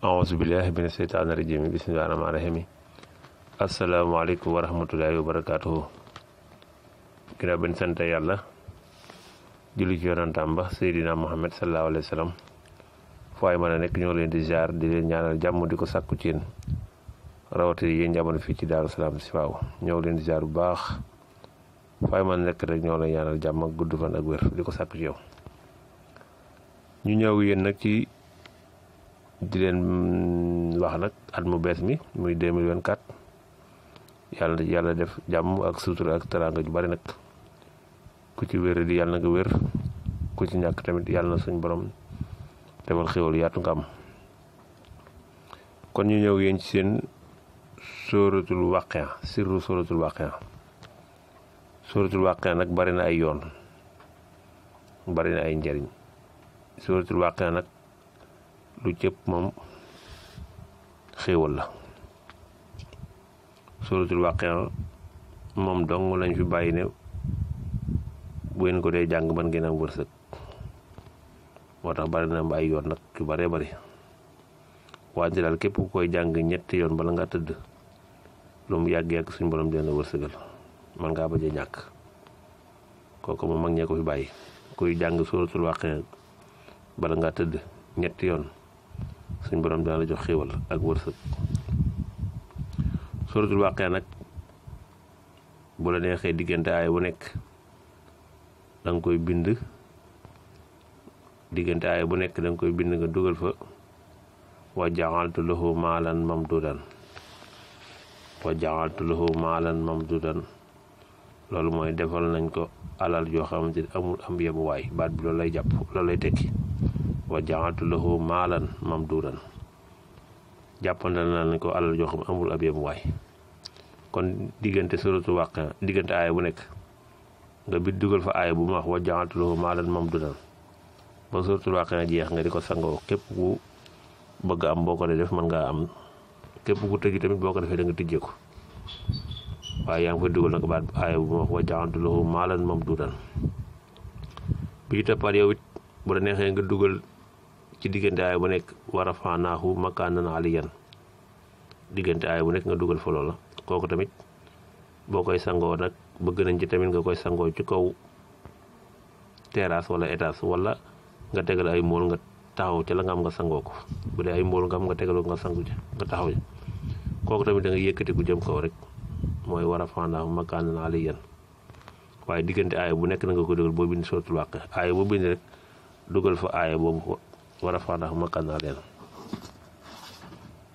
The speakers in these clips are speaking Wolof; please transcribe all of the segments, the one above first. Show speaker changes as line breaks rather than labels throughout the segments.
ahousubillahi mina seytaani rajim yi bismillahi rahmaani rahim yi asalaamaaleykum wa rahmatullahi wa barakaatuhu ginnaaw ben sant yàlla julli ci yonantaam ba seydina muhammad sallallahu alayhi wa sallam a nekk ñoo leen di jaar di leen ñaanal jàmm di ko sàkku ci yéen rawati fii ci daaru salaam si leen di jaar bu baax fooy mën nekk rek ñoo leen ñaanal jàmm di ko sàkku ñu ñëw yéen nag di leen mm, wax nag at mu bees mi muy 2024 yàlla yàlla def jàmm ak sutura ak teraanga ju bari nag ku ci wér yàlla nga wér ku ci ñàkk tamit yàlla na suñ borom defal xéwal yaatu nga am kon ñu ñëw yéen ci seen sóoratul wàqiya sirru sóoratul wàqiya nag bari na ay yoon bari na ay njariñ sóoratul wàqiya nag lu cëpp moom xéewal la suratul waqia moom dong lañu fi bàyyi ne bu ngeen ko dee jàng mën ngeen wërsëg moo tax bari na am ay yoon nag yu baree bari wante daal képp ku koy jàng ñetti yoon bala ngaa tëdd lu mu yàgg-yàgg suñu borom dina wërsëgal man ngaa baje ñàkk kooku moom mag ñee ko fi bàyyi kuy jàng suratul waqia bala ngaa tëdd ñetti yoon suñ borom daan la jox xéewal ak wërsëg suratul wàqee nag bu la neexee diggante aay bu nekk da koy bind diggante aay bu nekk da nga koy bind nga dugal fa wa jaxaltu lahu maalan mamdudan wa jaxaltu lahu maalan mamdudan loolu mooy defal nañ ko alal joo xamante ni amul am yemuwaay baat bi loolu lay jàpp loolu lay tekki wa jaxaltu lahu maalan mamduudan jàppandal na lañ ko alal joo xam amul ab yem waay kon diggante suratu wàq diggante aaya bu nekk nga bi dugal fa aaya bu mu wax wa jaxaltu lahu maalan mamduudan ba suratul jeex nga di ko sangoo képp ku bëgg am ko dee def mën ngaa am képp ku tamit boo ko defee da nga ko waaye yaa ngi fay dugal nag baat aaya bu mu wax wa jaxaltu lahu bi ci toppaat yow it bu la neexee nga dugal ci diggante aaya bu nekk wa rafanaahu makaanan aliyan diggante aaya bu nekk nga dugal fa loola kooku tamit boo koy sangoo nag bëgg nañ ci tamit nga koy sangoo ci kaw terrasse wala étage wala nga tegal ay mool nga taxaw ca la am nga sangoo ko bu ay mool nga am nga nga sangu ca nga taxaw ca kooku tamit ku jëm kaw rek mooy war a fandaaw makaanan waaye diggante aaya bu nekk na nga ko dugal boo bind sootul wàq aaya boo bind dugal fa aaya boobu wa rafa'nahum maqaana leen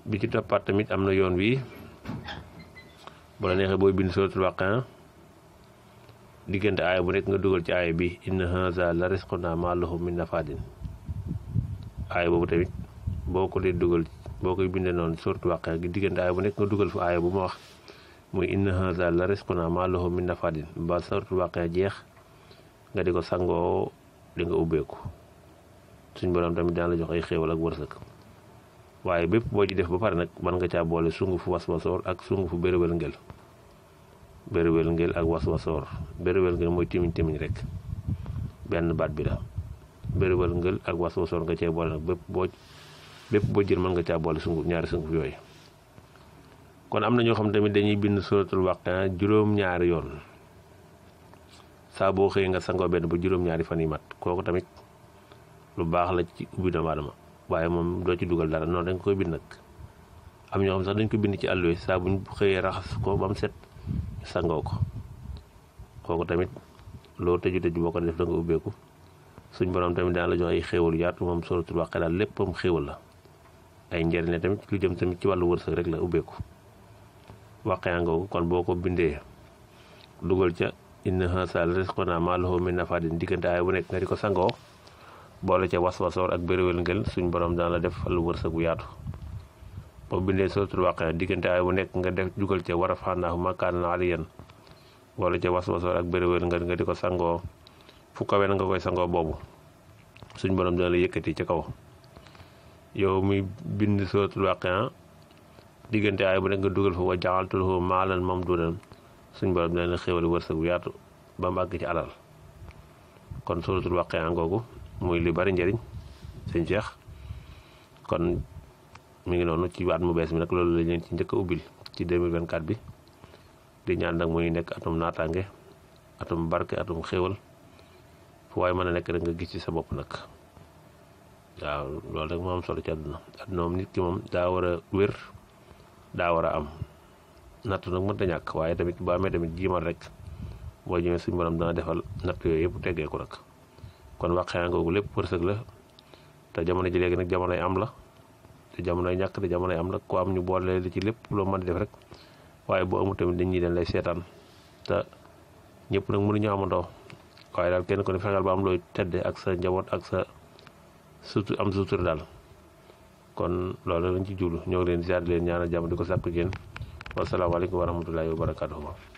bi ci toppaat tamit am na yoon wi bu la neexee booy bind suratul waqi'a diggante aaya bu nekk nga dugal ci aaya bi inna haza la risquna ma lahu min nafadin aaya boobu tamit boo ko dee dugal boo koy bindee noonu suratul waqi'a gi diggante bu nekk nga dugal bu ma wax muy inna haza la min nafadin ba suratul waqi'a jeex nga di ko sangoo di nga ubbeeku suñu borom tamit daan la jox ay xéewal ak wërsëg waaye bépp boo ci def ba pare nag mën nga caa boole sungufu waswasoor ak sungufu bérëwél ngel ngel ak waswasoor bérëwél ngel mooy timiñ timiñ rek baat bi la bérëwél ak waswasoor nga cee boole bépp boo bépp boo jël mën nga caa boole sungu ñaari sunguf yooyu am na ñoo xam tamit dañuy bind suratul waqia juróom-ñaari yoon saa boo xëyee nga sangoo benn ba juróom-ñaari fan yi mat kooku tamit lu baax la ci ubbi doomu aadama waaye moom doo ci dugal dara noonu dañ koy bind nag am ñoo xam sax dañ ko bind ci àll saa bu ñu xëyee raxas ko ba mu set sangoo ko kooku tamit loolu tëju tëju boo ko def da nga suñ borom tamit daan la jox ay xéewal yaatu moom suratul waqia daal lépp am xéewal la ay njëriñ la tamit lu jëm tamit ci wàllu wërsëg rek la ubbeeku waqia ngoogu kon boo ko bindee dugal ca inna haasa la risquna maa lahu min nafaadin ko sangoo boole ca waswasoor ak bëriwél ngel suñ borom daan la def lu wërsëg bu yaatu boo bindee sootul wàqe diggante ay bu nekk nga def jugal ca war a faanaahu makaan na aliyan boole ca waswasoor ak bëriwél ngel nga di ko sangoo fu kawen nga koy sangoo boobu suñ borom dina la yëkkati ci kaw yow mi bind sootul wàqe diggante ay bu nekk nga dugal fa wa jaxaltulhu maalan mamduudan suñ borom dina la xéwal wërsëg bu yaatu ba mbàgg ci alal kon sootul wàqe ngoogu muy lu bari njariñ sëñ Cheikh kon mi ngi noonu ci waat mu bees mi nag loolu lañ leen ci njëkk a ubbil ci 2024 bi di ñaan nag muy nekk atum naataange atum barke atum xéewal fu waaye mën a nekk rek nga gis ci sa bopp nag waaw loolu rek moo am solo ci àdduna àdduna moom nit ki moom daa war a wér daa war a am natt nag mënta ñàkk waaye tamit boo amee tamit jiimal rek boo ñëwee suñu borom dana defal natt yooyu yëpp teggeeku nag kon wàqee googu lépp wërsëg la te jamono ji léegi nag jamonoy am la te jamonoy ñàkk te jamonoy am la ko am ñu boole li ci lépp loo mën def rek waaye boo amul tamit nit ñi dañ lay seetaan te ñëpp nag mënuñu amandoo waaye daal kenn ku ne fexeel ba am looy tedde ak sa njaboot ak sa surtout am sutur daal kon loolu lañ ci jublu ñëw ngi leen ziar leen ñaanal jàmm di ko sàkku yéen wasalaamaaleykum wa rahmatullahi wa barakatuhu